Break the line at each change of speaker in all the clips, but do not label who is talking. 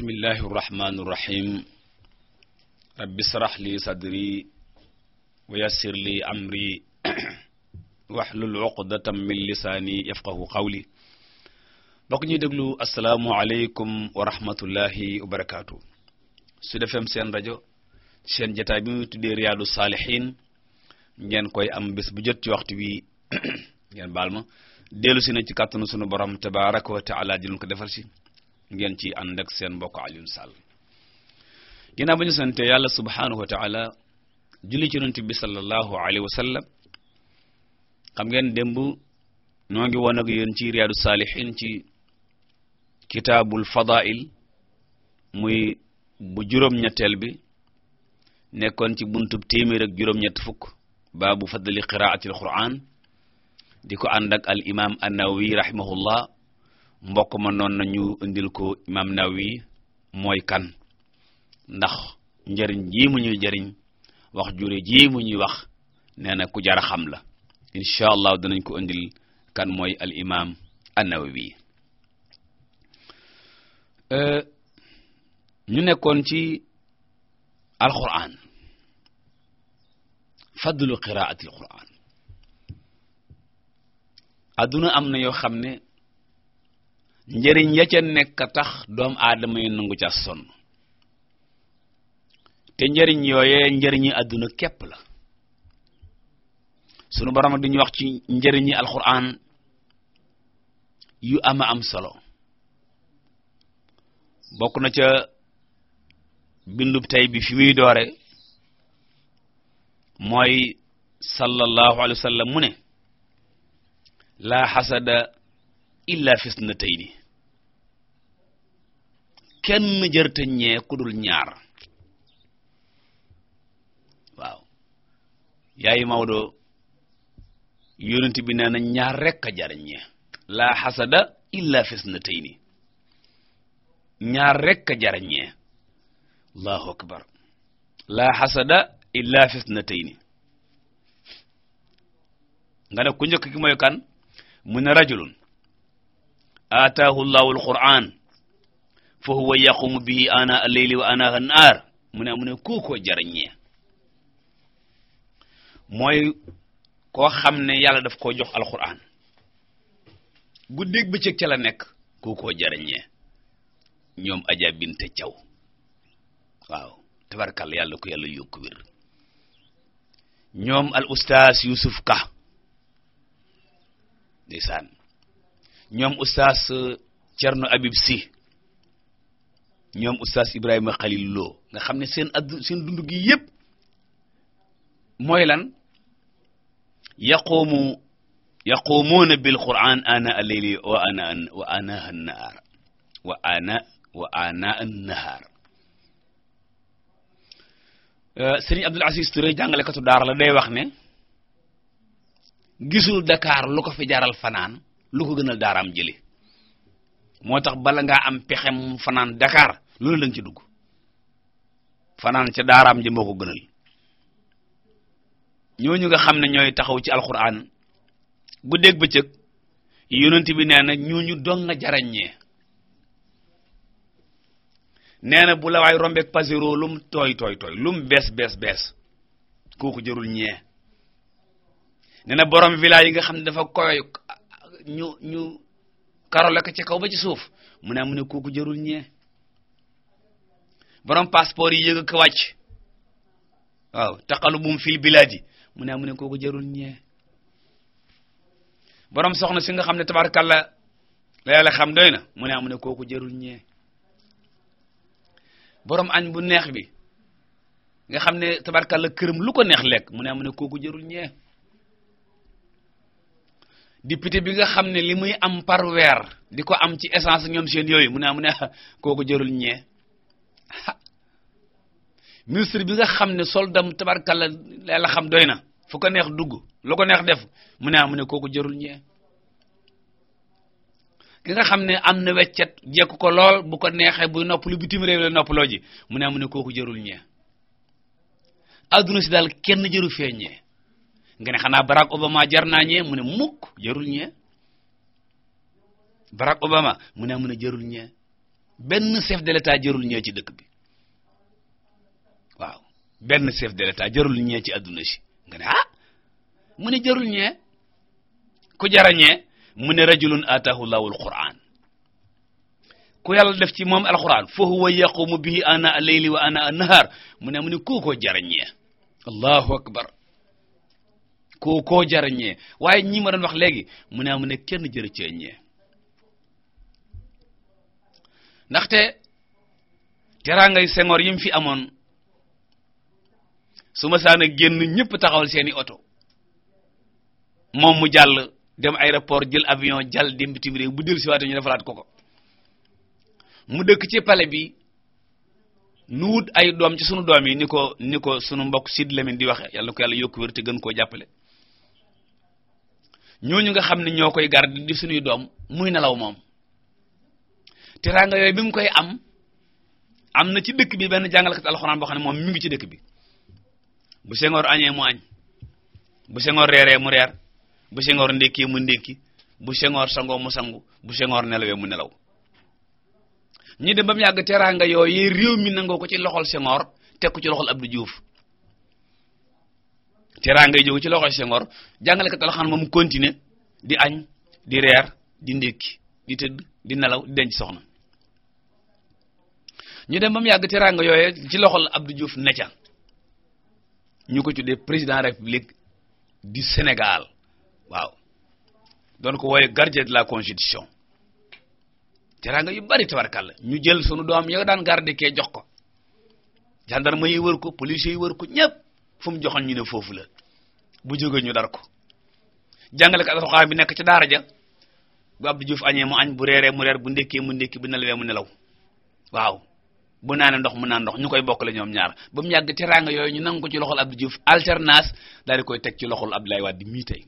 bismillahi irrahmani irrahim rabbi srah li sadri wa li amri waxlul uqdatam min lisaani yafqahu qawli bokk ñuy déglu asalaamualeykum wa rahmatullahi wa barakaatu Sud FM seen rajo seen jataay bi muy tuddee riyaadu saalihin ngeen koy am bés bu jot ci waxtu wi ngeen baal ma dellu si na ci kàttanu sunu borom tabaraka wa taala di leen ko defal si ngeen ci ànd ak seen mbokk Alioune Sall ginnaaw ba ñu sante yàlla subhaanahu wa taala julli ci yonent bi sallallahu alayhi wa sallam xam ngeen démb noo ngi woon ak yéen ci riyaadu saalihin ci kitaabul fadail muy bu juróom-ñetteel bi nekkoon ci buntub téeméer ak juróom-ñett fukk baabu fadli qiraatil di ko ànd ak al imam an-Nawawi mbokk ma noon na ñu indil ko imam Nawawi mooy kan ndax njëriñ jii mu njariñ wax jure jii mu ñuy wax nee na ku jar a xam la incha allah danañ ko indil kan mooy al imam an-Nawawi euh, ñu nekkoon ci alquran fadlu qiraati alquran adduna am na yoo xam ne njëriñ ya ca nekk tax doom aadama yi nangu ca sonn te njëriñ yooyee njëriñi àdduna képp la sunu borom duñu wax ci njëriñi alxuraan yu ama am solo bokk na ca bindub tey bi fi muy doore mooy sallallahu alayhi wa sallam mu ne laa xasada tey ni kenn jërte ñee ku dul ñaar waaw yaayi Maodo yonent bi nee na ñaar rekk a jar ñee laa xasada illa fisnatayni ñaar rekk a jar ñee allahu akbar laa xasada illa fisnatayni nga ne ku njëkk ki mooy kan mu ne rajulun ataahu llahu alquran fa huwa yaqumu bihi ana al-layli wa ana an-naar mu ne mu ne kookoo jarañee mooy koo xam ne yàlla daf koo jox alquran guddeeg bëccëg ca la nekk kookoo jarañee ñoom aja binte caw waaw tabarkal yàlla ko yàlla yokk wér ñoom al ustaas Yusuf Ka ndeysaan ñoom ustaas uh, Cerno Abib Si ñoom oustaz Ibrahima Khalil Lo nga xam ne seen addu seen dund gi yépp mooy lan yaqumu yaqumuuna bil al-layli wa ana wa ana wa ana wa ana an Abdul Aziz Touré jàngalekatu daara la day wax ne gisul Dakar lu ko fi jaral fanaan lu ko gënal daaraam jëli moo tax bala ngaa am pexem fanaan Dakar loolu la nga ci dugg fanaan ca daaraam ji moo ko gënal nga xam ne ñooy taxaw ci alxuraan guddeeg bëccëg yonent bi nee na ñu dong nga jaraññee nee na bu la waay rombeeg pasero lum tooy tooy tooy lum bees bees bees kooku jërul ñee nee na borom nga xam ne dafa koy ñu ñu karo la ko ci kaw ba ci suuf mu ne mu ne kooku jarul ñee borom passeport yi yëg ko wàcc waaw taqallubum fil biladi mu ne mu ne kooku jarul ñee borom soxna si nga xam ne tabarakalla la yàlla xam doy na mu ne mu ne kooku jarul ñee borom añ bu neex bi nga xam ne tabarakalla këram lu ko neex lekk mu ne mu ne kooku jarul ñee député bi nga xam ne li muy am par weer di ko am ci essence ñoom seen yooyu mu ne ah, mu ne ah, kooku jërul ñee ministre bi nga xam ne soldam tabarkalla la xam doy na fu ko neex dugg lu ko neex def mu ne ah, mu ne kooku jërul ñee ki nga xam ne am na weccet jekku ko lool bu ko neexee bu noppalu bitim noppaloo ji mu ne mu ne kooku jërul ñee adduna si daal kenn jëru feeñee nga ne xanaa Barack Obama jar naa ñee mu ne mukk jarul ñee Barack Obama mu ne jarul ñee benn chef de l'état jarul ñee ci dëkk bi waaw benn chef de l'état jarul ñee ci adduna si nga ne ah jarul ñee ku jara ñee mu ne ataahu llahu alquran ku ci moom allahu akbar koo koo jariñee waaye ñi ma doon wax léegi mu ne mu ne kenn jërë cee ñee ndaxte teraangay Senghor yi mu fi amoon suma ma génn ñëpp taxawal seeni oto moom mu jàll dem aéroport jël avion jàll dem bitim réew bu dellu si waate ñu defalaat ko ko mu dëkk ci palais bi nu wut ay doom ci sunu doom yi ni ko ni ko sunu mbokk Sid Lamine di waxe yàlla ko yàlla yokku wér te gën koo jàppale ñooñu nga xam ni ñoo koy gar di sunuy doom muy nelaw moom teraanga yooyu bi mu koy am am na ci dëkk bi benn jàngalekat alxuraan boo xam ne moom mi ngi ci dëkk bi bu sengoor añee mu añ bu sengoor reeree mu reer bu sengoor ndékkee mu ndekki bu sengoor sangoo mu sangu bu sengoor nelawee mu nelaw ñi dem ba mu yàgg teraanga yooyu réew mi nangoo ko ci loxol sengoor teg ko ci loxol Abdou Diouf teraa ngay jóge ci loxoy Senghor jàngale ko taloxaan moom continuer di añ di reer di ndékki di tëdd di denc soxna ñu dem ba mu yàgg teraanga yooyee ci loxol Abdou Diouf neca ñu ko tuddee président république du Sénégal waaw doon ko wooye gardien de la constitution teraanga yu bari tabarkàlla ñu jël sunu doom ya daan garder kee jox ko yi wër ko yi wër ko fu mu joxoon ñu ne foofu la bu jógee ñu dar ko jàngalekat alxuraan bi nekk ci daara ja bu Abdou Diouf añee mu añ bu reeree mu reer bu ndekkee mu ndekki bu nelawee mu nelaw waaw bu naanee ndox mu naan ndox ñu koy bokk bokkale ñoom ñaar ba mu yàgg teraanga yooyu ñu nangu ko ci loxol Abdou Diouf alternance daal koy teg ci loxol Abdoulaye Wade mii tey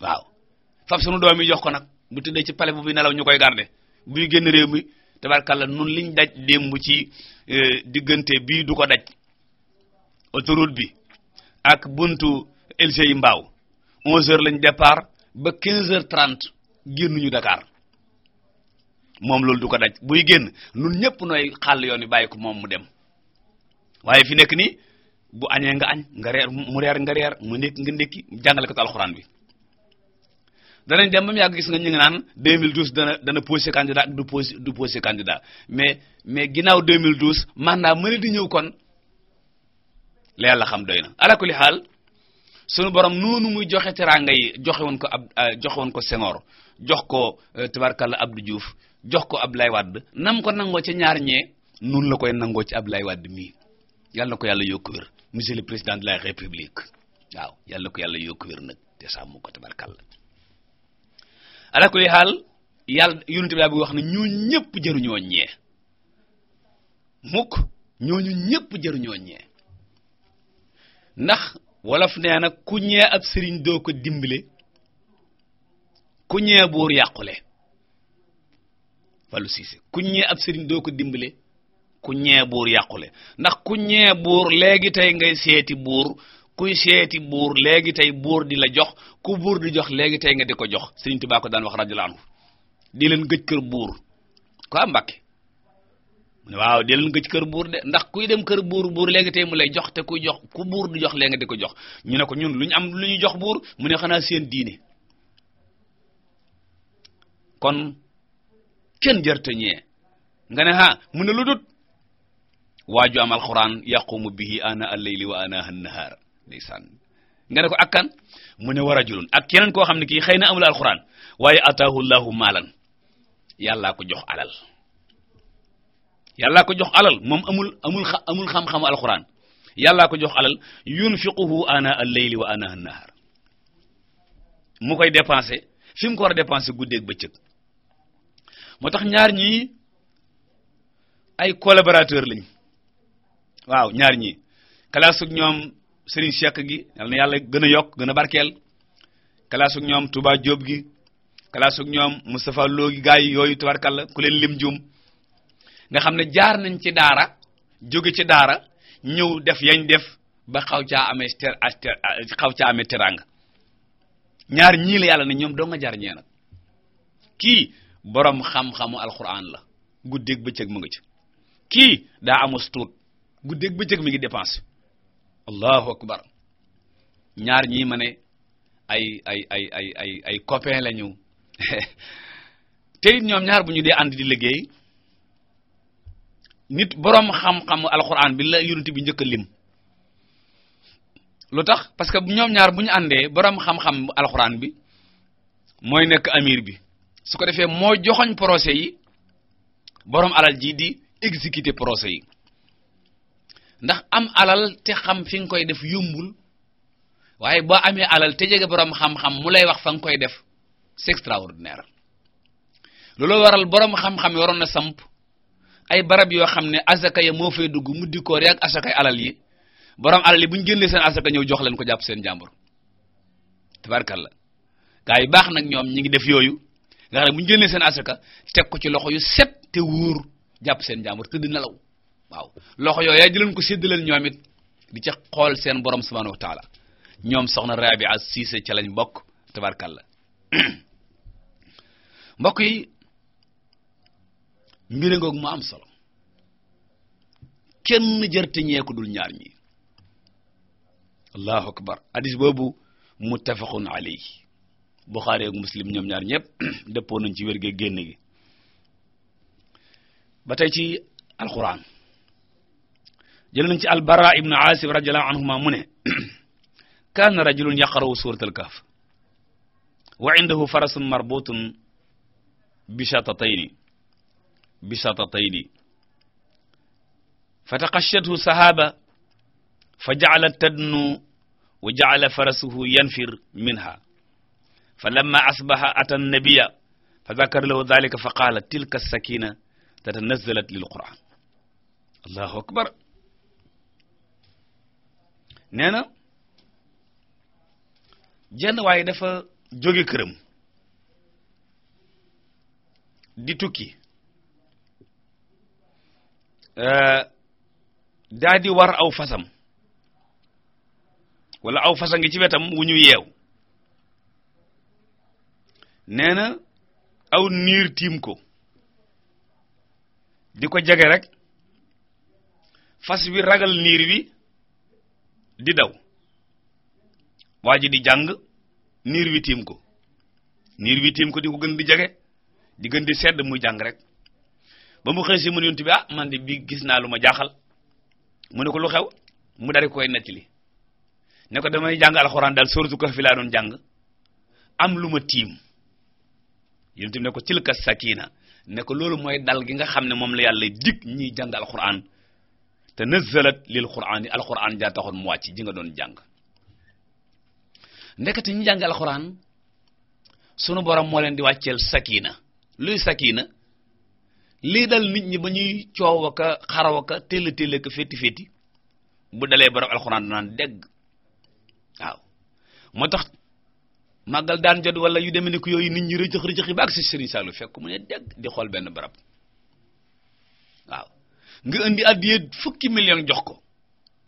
waaw fab sunu doom yi jox ko nag bu tëddee ci palais bu buy nelaw ñu koy garder buy génn réew mi tabarkalla nun liñ daj démb ci euh, diggante bii du ko daj autoroute bi ak buntu LGI Mbaaw 11h lañ départ ba 15h30 ñu Dakar moom loolu du ko daj buy génn nun ñëpp nooy xàll yoon wi bàyyi ko moom mu dem waaye fi nekk nii bu añee nga añ nga reer mu reer nga reer mu nekk nga ndékki jàngale ko alxuraan bi. danañ dem ba mu yàgg gis nga ñu ngi naan 2012 dana dana posé candidat ak du posé du posé candidat mais mais ginnaaw 2012 mandat mëne di ñëw kon. la yàlla xam doy na ala kulli xaal sunu borom noonu muy joxe teraanga yi joxe woon ko ab euh, joxe woon ko Senghor jox ko euh, tabarkalla Abdou juuf jox ko Abdoulaye Wade nam ko nangoo ci ñaar ñee noonu la koy nangoo ci Abdoulaye Wade mii yàlla ko yàlla yokk wér monsieur le président de la république waaw yàlla ko yàlla yokk wér nag te sàmm ko tabarkalla ala xaal yàlla yonent bi wax ne ñoo ñëpp jëruñoo ñee mukk ñooñu ñëpp jëruñoo ñee ndax wolof nee na ku ñee ab sëriñ doo ko dimbale ku buur yàqule Fallou Cissé ku ñee ab doo ko dimbale ku ñee buur yàqule ndax ku ñee buur léegi tey nga seeti buur kuy seeti buur léegi tey buur di la jox ku buur di jox léegi tey nga di ko jox Sëriñ Tuubaa ko daan wax radiyallaahu anhu di leen gëj kër buur ko am mu ne waaw dellu nga ci kër buur de ndax kuy dem kër buur buur léegi tey mu lay jox te kuy jox ku buur du jox léegi nga di ko jox ñu ne ko ñun lu ñu am lu ñu jox buur mu ne xanaa seen diini kon kenn jërte ñee nga ne ah mu ne lu dut waaju am alquran yaqumu bihi ana al-layli wa ana an-nahar nga ne ko ak mu ne wa rajulun ak keneen koo xam ne kii xëy na amul alquran waaye ataahu llahu maalan yàllaa ko jox alal yàllaa ko jox alal moom amul amul xa amul xam-xamu alxuraan yàllaa ko jox alal yunfiquhu ana al-layli wa ana an-nahar mu koy dépenser fi mu ko war a dépenser ba bëccëg moo tax ñaar ñi ay collaborateur lañ waaw ñaar ñi ñii kalaasug ñoom Serigne Cheikh gi yal na yàlla gën a yokk gën a barkeel kalaasug ñoom Touba Diop gi kalaasug ñoom Moustapha Lo gi yi yooyu tabarkalla ku leen lim jum nga xam ne jaar nañ ci daara jóge ci daara ñëw def yañ def ba xaw caa amee ter xaw ñaar ñii yàlla ne ñoom doo nga jaar ñee kii boroom xam-xamu alxuraan la guddeeg bëccëg mu ngi ci kii daa amus tuut guddeeg bëccëg mi ngi dépense allahu akbar ñaar ñii ma ne ay ay ay ay ay ay copain ñoom ñaar bu ñu dee ànd di liggéey nit boroom xam-xamu alxuraan bi la yonent bi njëkk a lim lu tax parce que ñoom ñaar bu ñu àndee boroom xam-xam alxuraan bi mooy nekk amir bi su ko defee moo joxoñ procès yi boroom alal ji di exécuter procès yi ndax am alal te xam fi nga koy def yombul waaye boo amee alal te jege boroom xam-xam mu lay wax fa nga koy def c'est extraordinaire loolu waral boroom xam-xam waroon na samp ay barab yoo xam ne asaka ya moo fay dugg mu koor yi ak asakay alal yi borom alal yi bu ñu génnee seen asaka ñëw jox leen ko jàpp seen te jàmbur la gaa yi baax nag ñoom ñi ngi def yooyu nga xam ne bu ñu seen asaka teg ko ci loxo yu set te wóor jàpp seen jàmbur tëdd nelaw waaw loxo yooyu yaa jëleen ko séddaleel ñoom it di ca xool seen borom subhanahu wa taala ñoom soxna Rabi'a Cissé ca mbokk te tabarkalla mbokk yi mbiri ngoog mu am solo kenn jërte ñeeku dul ñaar ñi allahu akbar hadis boobu muttafaqun alayhi buxaari ak muslim ñoom ñaar ñëpp dëppoo nañ ci wér génn gi ba tey ci alquran jël nañ ci albara ibnu asib radiyallahu anhuma mu ne kaana rajulun yaqra'u suratul wa indahu farasun marbutun bi shatatayni bisatatayni fa taqashathu sahaaba fa ja'ala tadnu wa ja'ala farasuhu yanfir minha fa lamma asbaha ata annabiya fa zakara lahu dhalika fa qaala tilka as-sakina tatanazzalat lil qur'an allahu akbar nee na jenn waaye dafa jóge këram di tukki Eh, daa di war aw fasam wala aw fasa ngi ci wetam wu ñu yeew nee na aw niir tiim ko di ko jege rek fas wi ragal niir wi di daw waa ji di jàng niir wi tiim ko niir wi tiim ko di ko gën di jege di gën di sedd muy jàng rek ba mu xëy si mun yontu bi ah man de bi gis naa lu ma jaaxal mu ne ko lu xew mu dari koy nettali ne ko damay jàng alxuraan daal sóoratu Kahf laa doon jàng am lu ma tiim yontu bi ne ko tilka sakina sakiina ko loolu mooy dal gi nga xam ne moom la yàlla dig ñiy jàng alxuraan te nazzalat lil qur'aan yi alxuraan jaa taxoon mu wàcc ji nga doon jàng ndekete ñi jàng alxuraan sunu borom moo leen di wàcceel sakina luy sakina lii dal nit ñi ba ñuy coow aka xaraw aka télla télla ka fétti fétti bu dalee borom alxuraan danaan dégg waaw moo tax màggal daan jot wala yu demee ne ko yooyu nit ñi rëcëx rëcëx yi ba ak si Serigne Saliou fekk mu ne dégg di xool benn barab waaw nga indi addiye fukki million jox ko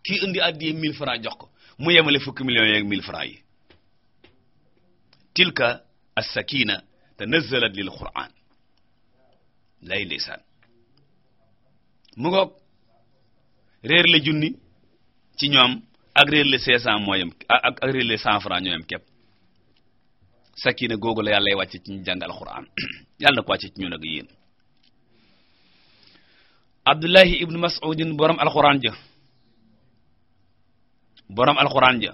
kii indi addiye mille francs jox ko mu yemale fukki million yeeg mille francs yi tilka as-sakina tanazzalat lil qur'an lay ndeysaan mu ngoog réer la junni ci ñoom ak réer la 500 mooyam ak ak réer la 100 francs ñooyam képp sakina googu la yàlla wàcce ci ñu jàngal alxuraan yàlla na ko wàcce ci ñun ak yéen Abdullahi ibnu Mas'udin borom alxuraan ja borom alxuraan ja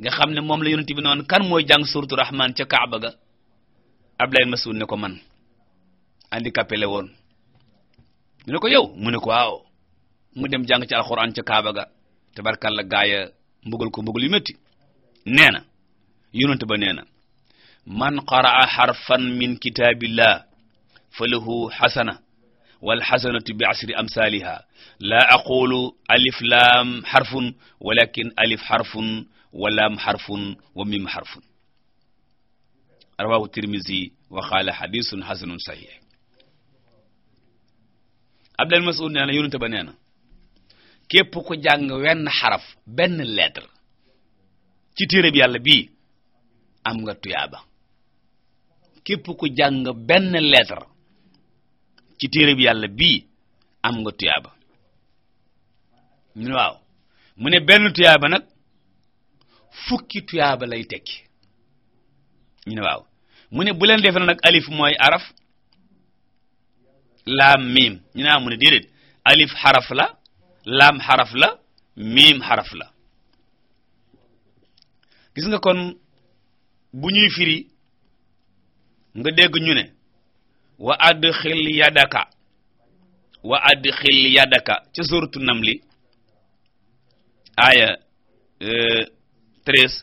nga xam ne moom la yonent bi noonu kan mooy jàng suuratu Rahmaan ca Kaaba ga Abdullahi Mas'ud ne ko man handicapé la woon ñu ne ko yow mu ne ko waaw mu dem jàng ci alxuraan ca Kaaba ga tabarkalla gaaya mbugal ko mbugal yu métti nee na yonent ba nee na man qaraa xarfan min kitaabillah fa lahu xasana walxasanatu bi asri amsaaliha laa aqulu alif laam xarfun walakin alif wa mim xarfun rawahu tirmisi wa qaala xadisun xasanun saxiix Abdul Mas'ud nee na te ba nee na képp ku jàng wenn xaraf benn lettre ci téere bi yàlla bii am nga tuyaaba képp ku jàng benn lettre ci téere bi yàlla bii am nga tuyaaba ñu waaw mu ne benn tuyaaba nag fukki tuyaaba lay tekki ñu ne waaw mu ne bu leen nag alif mooy araf lam miim ñu ne amu ah, ne déedéet alif xaraf la laam xaraf la miim xaraf la gis nga kon bu ñuy firi nga dégg ñu ne wa adxil yadaka wa adxil yadaka ca suratu namli aaya euh, treize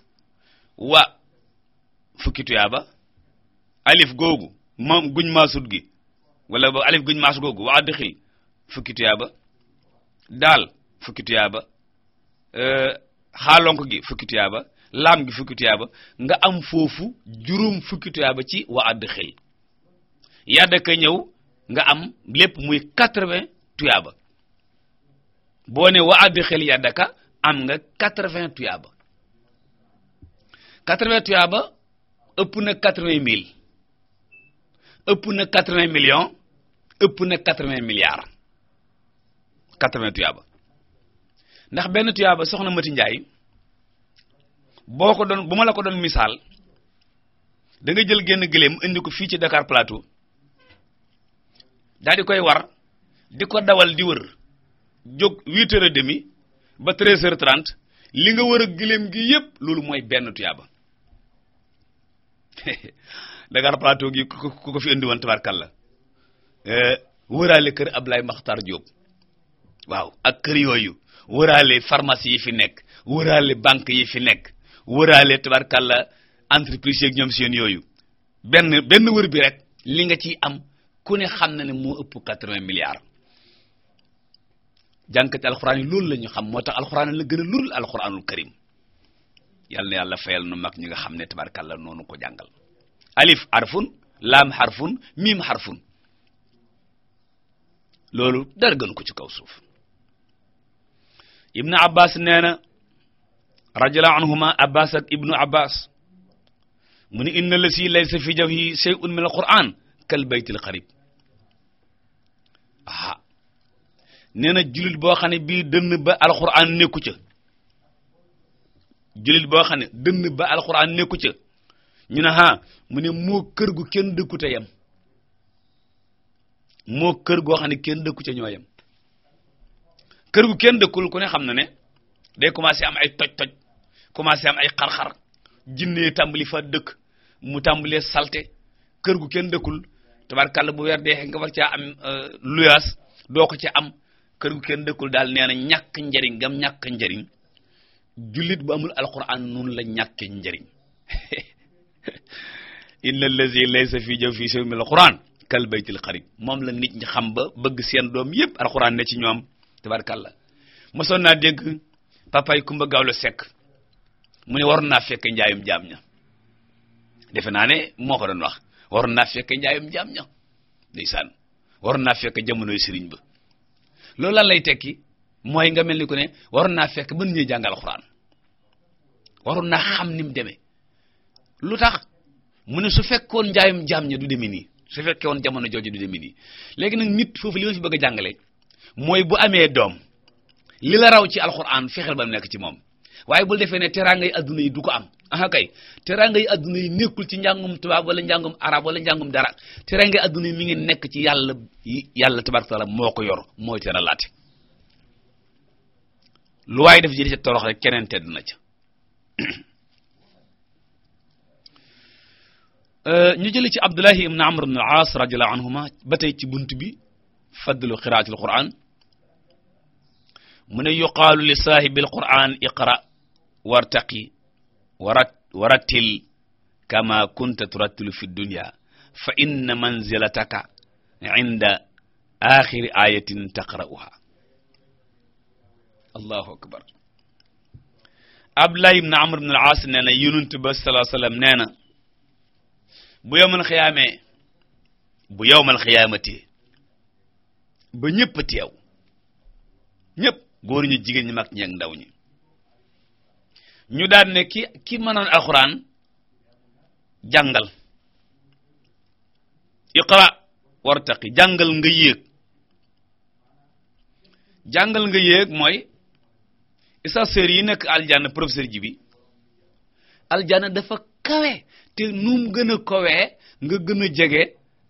wa fukki tuyaaba alif googu moom guñ maasut gi wala ba alif guñ maas googu wa adxil fukki tuyaaba daal fukki tuyaaba euh, xaalonk gi fukki tuyaaba laam gi fukki tuyaaba nga am foofu juróom fukki tuyaaba ci wa adxil yadda ka ñëw nga am lépp muy quatre-vingts tuyaaba boo ne wa adxil yadda ka am nga quatre-vingts ëpp na quatre-vingt ëpp na quatre-vingts ëpp na quatre-vingts milliards quatre tuyaaba ndax benn tuyaaba soxna Mati Ndiaye boo ko doon bu ma la ko doon misaal danga jël genn gëléem indi ko fii ci Dakar Plateau daal di koy war di ko dawal di wër jóg huit heures et ba treize heures li nga war a gëléem gi yépp loolu mooy benn tuyaaba Dakar Plateau gi ku ko fi indi woon tabarkalla Euh, wëraale kër Ablaye Makhtar Diop waaw ak kër yooyu wëraale pharmacie yi fi nekk wëraale banque yi fi nekk wëraale tabarkalla entreprise yeeg ñoom seen yooyu benn benn wër bi rek li nga ci am ku ne xam na ne moo ëpp quatre-vingts milliards jànkati alxuraan yi loolu la ñu xam moo tax alxuraan la gën a lurul alxuraanul karim yàlla na yàlla fayal nu mag ñi nga xam ne tabarkalla noonu ko jàngal alif harfun laam harfun miim harfun loolu dara gën ko ci kaw suuf ibnu abbas nee na radiyallahu anhuma ibnu abbas mu ni inna la si laysa fi jawhi min alquran kal baytil qarib aha nee na boo xam ne bii dënn ba alquran nekku ca jullit boo xam ne dënn ba alquran nekku ca ñu ne ha mu moo kër gu kenn dëkkute yam moo kër goo xam ne kenn dëkku ce ñoo ñooyam kër gu kenn dëkkul ku ne xam na ne day commencé am ay toj-toj commencé am ay xar-xar jinne tàmbali fa dëkk mu tàmbalee salté kër gu kenn dëkkul tabarkàlla bu weer dee nga war caa am euh, luyaas doo ko ci am kër gu kenn dëkkul daal nee na ñàkk njariñ gam ñàkk njariñ jullit bu amul alquran noonu la ñàkke njariñ inna allazi laysa fi jawfi sawmi alquran kal baytil xarib moom la nit ñi xam ba bëgg seen doom yépp alxuraan ne ci ñoom tabarkalla mosoon naa dégg papa yi Kumba Gawlo Seck mu ne waroon naa fekk njaayum jaam ña defe naa ne moo ko doon wax waroon naa fekk njaayum jaam ña ndeysaan waroon naa fekk jamonoy sëriñ ba loolu lan lay tekki mooy nga mel ni ku ne waroon naa fekk ba ñuy jàngal alxuraan waroon naa xam ni mu lu tax mu ne su fekkoon njaayum jaam ña du demee nii su fekkee woon jamono jooju du demee nii léegi nag nit foofu li ma fi bëgg a jàngale mooy bu amee doom li la raw ci alxuraan fexeel ba mu nekk ci moom waaye bul defee ne teraanga yi adduna yi du am aha kay teraanga yi adduna yi nekkul ci njàngum tubaab wala njàngum arab wala njàngum dara teraanga yi adduna yi mi ngi nekk ci yàlla yàlla tabaaraka taala moo ko yor mooy teralaate lu waaye def jëri ca torox rek keneen tedd na ca Euh, ñu jëlee ci Abdullahi ibn Amr ibn al-As radiyallahu anhuma ba tey ci bunt bi fadlu qiraatul Qur'an mu ne yuqaalu li saahibil Qur'an iqra wartaqi warat warattil kama kunta turattilu fi dunya fa inna manzilataka inda aaxiri ayatin taqra'uha allahu akbar Abdullahi ibn Amr ibn al-As nee na yonent ba sallallahu alayhi wasallam nee na bu yowmal xiyaamee bu yowmal xiyaamati ba ñëpp teew ñëpp góor ñu jigéen ñi mag ñi ndaw ñi ñu daan ne ki ki mënoon alxuraan jàngal iqra wartaqi jàngal nga yéeg jàngal nga yéeg mooy stagiaires yi nekk aljana professeur ji bi aljanna dafa kawe te num gën a kowee nga gën a jege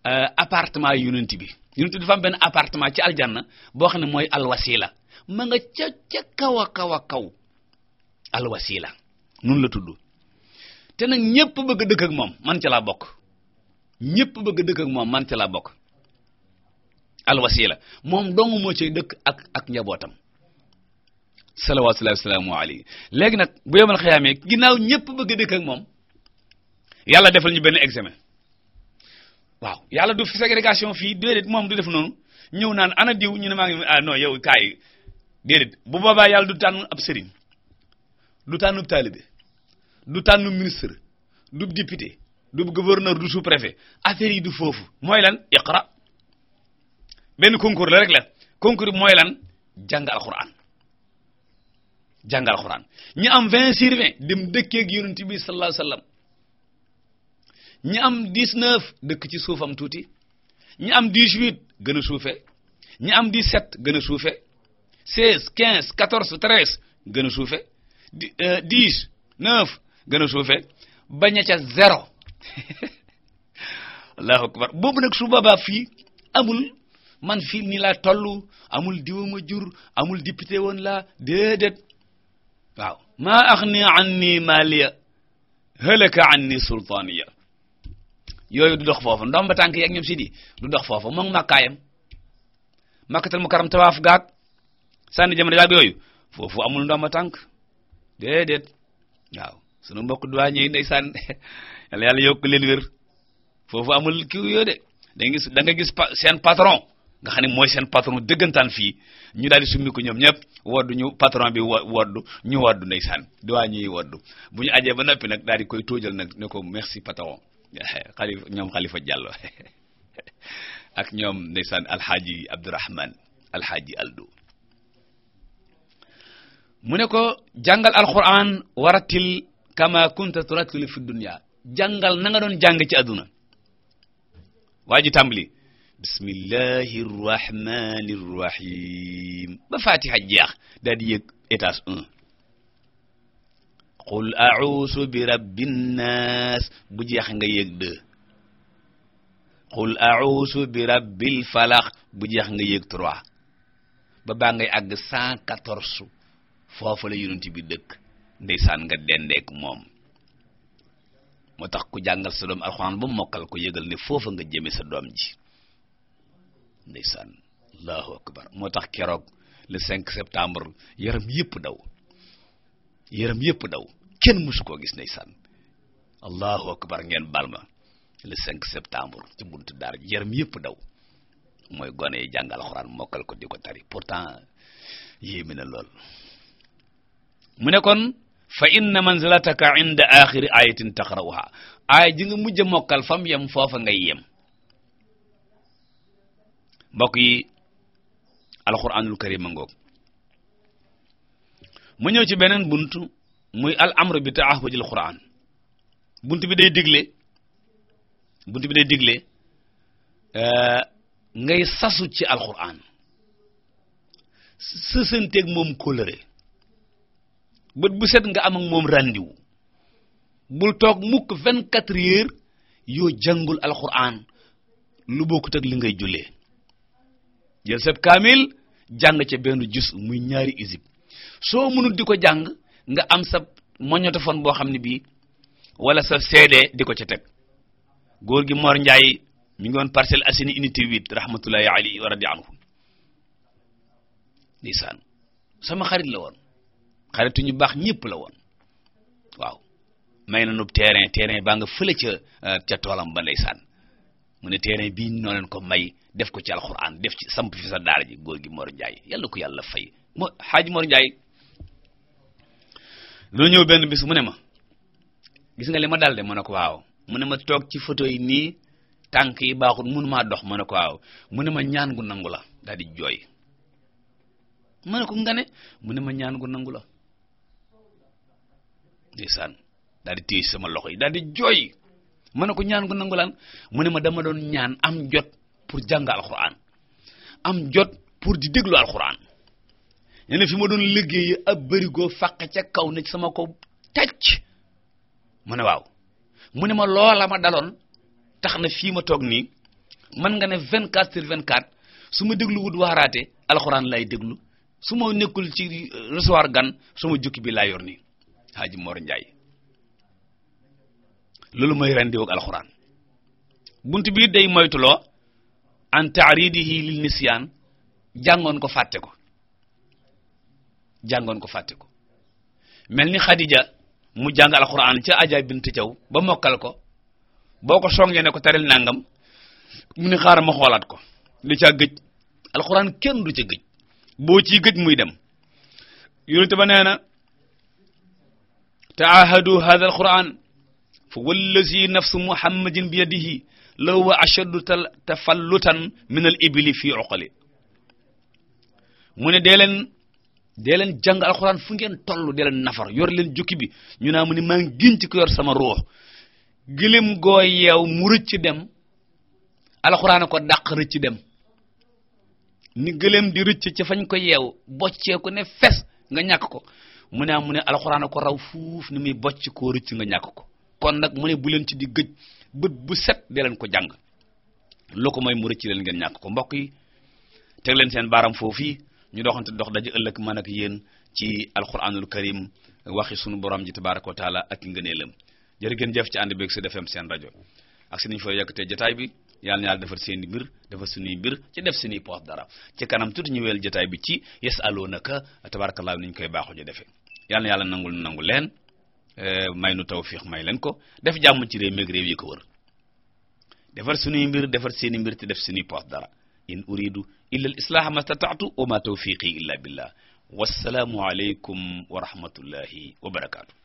euh, appartement yonent bi yonent bi dafa am benn appartement ci aljanna boo xam ne mooy alwasila ma nga ca ca kaw a kaw a kaw alwasila nun la tudd te nag ñépp bëgg dëkk moom man ca laa bokk ñépp bëgg dëkk moom man ca laa bokk alwasila moom dong moo cay dëkk ak ak njabootam salawatullahi wasalaamu alayhi léegi nag bu yomal xayaamee ginnaaw ñépp bëgg dëkk ak moom yàlla defal ñu benn examen waaw yàlla du ségrégation fii déedéet moom du def noonu ñëw naan ana diw ñu ne maa ngi ah non yow kaay déedéet bu boobaa yàlla du tànn ab sëriñ du tànnub taalibe du tànn ministre du député du gouverneur du sous-préfet affaire yi du foofu mooy lan iqra benn concours la rek la concours bi mooy lan jàngal alxuraan jàngal alxuraan ñi am 20 sur 20 dem dëkkee ak yonent bi sallallahu alayhi wasallam ñi am dix-neuf dëkk ci suufam tuuti ñi am dix-huit gën a suufe ñi am dix-sept gën a suufe seize quinze quatorze treize gën suufe euh, dix neuf gën a suufe bañ ca zéro allahu akbar boobu nag fii amul man fii nii laa tollu amul diwuma jur amul député woon laa déedéet waaw maa aghni anni maliya halaka anni sultaniya yooyu du dox foofu ndomba tànk yi ak ñoom sidi du dox foofu moom màkkaayam makkatal mukarram tawaaf gaag sànni jamono yaag yooyu foofu amul ndomba tànk déedéet waaw sunu mbokk duwaañ yi ndeysaan yàlla yàlla yokk leen wér foofu amul kiw yoo de da nga gis da seen patron nga xam ne mooy seen patron dëggantaan fii ñu daal di summi ko ñoom ñëpp woddu ñu patron bi woddu ñu woddu ndeysaan duwaañ yi woddu bu ñu ajee ba noppi nag daal di koy tóojal nag ne ko merci patron ñoom xalifa Diallo ak ñoom ndeysaan alxaaji Abdurahman alxaaji Aldo mu ne ko jàngal alquran waratil kama kunta turattilu fi dunya jàngal na nga doon jàng ci àdduna waa ji tàmbali bismillahir rahmanir ba fatiha jeex daal di qul a'uusu bi rabbin naas bu jeex nga yëg deux qul a'uusu bi rabbil falaq bu jeex nga yëg trois ba baa ngay àgg cent quatorze foofu la yonent bi dëkk ndeysaan nga dendeek moom moo tax ku jàngal sa doom alxuraan ba mokkal ko yëgal ne foofa nga jëme sa doom ji ndeysaan allahu akbar moo tax keroog le cinq septembre yaram yëpp daw yëram yépp daw kenn mësu koo gis ndeysaan allahu akbar ngeen bal ma le 5 septembre ci buntu daar yëram yépp daw mooy gone yi jàng alxuraan mokkal ko ko tari pourtant yéemi na lool mu ne kon fa inna manzilataka inda axiri ayatin ji nga mujj mokkal fam yem foofa ngay yem mbokk yi alxuraanul karim a ma ñëw ci beneen bunt muy al amru bi taahujil quran bunt bi day digle bunt bi day digle euh, ngay sasu ci alquran sësanteeg moom kóllëre bët bu set nga am ak moom ràndiwu bul toog mukk vingt quatre heures yoo jàngul alquran lu bokkut ak li ngay jullee jël sab kaamil jàng ca benn jus muy ñaari isib soo mënul di ko jàng nga am sa magnétophone boo xam ne bii wala sa CD di ko ci teg góor gi Mor Ndiaye mi ngi woon Parcelles Assainies unité 8 rahmatullahi alayhi wa radi anhu ndeysaan sama xarit la woon xaritu ñu baax ñëpp la woon waaw may na nub terrain terrain baa nga fële ca euh, ca toolam ba ndeysaan mu ne terrain bii noo leen ko may def ko ci alxuraan def ci samp fi sa daara ji góor gi Mor Ndiaye yàlla ko yàlla fay moo xaaji Mor Ndiaye lu ñëw benn bis mu ne ma gis nga li ma dal de ma ne ko waaw mu ne ma toog ci photo yi nii tànk yi baaxul mënumaa dox ma ne ko waaw mu ne ma ñaan gu nangu la daal di jooy ma nga ne mu ne ma ñaan gu nangu la ndeysaan daal di téye sama loxo yi daal di jooy ma ne ko ñaan gu nangu lan mu ne ma dama doon ñaan am jot pour jàng alxuraan am jot pour di déglu alxuraan nee fi ma doon liggéey ab bërigoo fàq ca kaw ne sama ko tacc mu ne waaw mu ne ma loola ma daloon tax na fi ma toog nii man nga ne 24 sur 24 su ma déglu wut waaraate alxuraan lay déglu su ma nekkul ci recevoir gan sama jukki bi lay yor nii Haji Mor Ndiaye loolu mooy rendiwog alxuraan bunt bi day moytuloo an taaridihi lil nisyaan jàngoon ko fàtte ko jàngoon ko fàtte ko mel ni Khadija mu jàng alxuraan ca Aja bint Jaw ba mokkal ko boo ko songee ne ko taril nangam mu ni xaaral ma xoolaat ko li caa gëj alxuraan kenn du ca gëj boo ciy gëj muy dem yonent ba nee na taahadu hadha alquran fa wallazi nafsu muhammadin bi yadihi la wa ashaddu tafallutan min al fi uqali mu ne dee dee leen jàng alxuraan fu ngeen tollu delen leen nafar yor leen jukki bi ñu naa mu ne maa ngi gën yor sama ruux gilim goo yew mu rëcc dem alxuraan ko dàq rëcc dem ni gëléem di rëcc ci fañ ko yeew boccee ko fes nga ñàkk ko mu ne mu ne alxuraan ko raw fuuf ni muy bocc koo rëcc nga ñàkk ko kon nag mu ne bu leen ci di gëj bët bu set de ko jàng loo ko mooy mu rëcc len ngeen ñàkk ko mbokk yi teg leen seen baaram foofu yi ñu doxante dox daje ëllëg man ak yéen ci alquranul karim waxi sunu borom ji tabaraka wa taala ak ngëneelam jërë ngeen jëf ci ànd beeg Sud FM seen rajo ak si niñ fa yëkkatee jotaay bi yàlla na yàlla defar seen i mbir defar mbir ci def suñuy poos dara ci kanam tuuti ñu wel jotaay bi ci yes alonaka tabarakallah ni ñu koy baaxoo ñu defee yàlla na yàlla nangul nangu leen eh, may nu tawfiix may leen ko def jàmm ci réew meeg réew yi ko wër defar suñuy mbir defar seen i mbir te def suñuy poos dara in uridu illa al islaha mastata'tu wa ma tawfiqi illa billah wassalaamu aleykum wa rahmatullahi wa barakatuh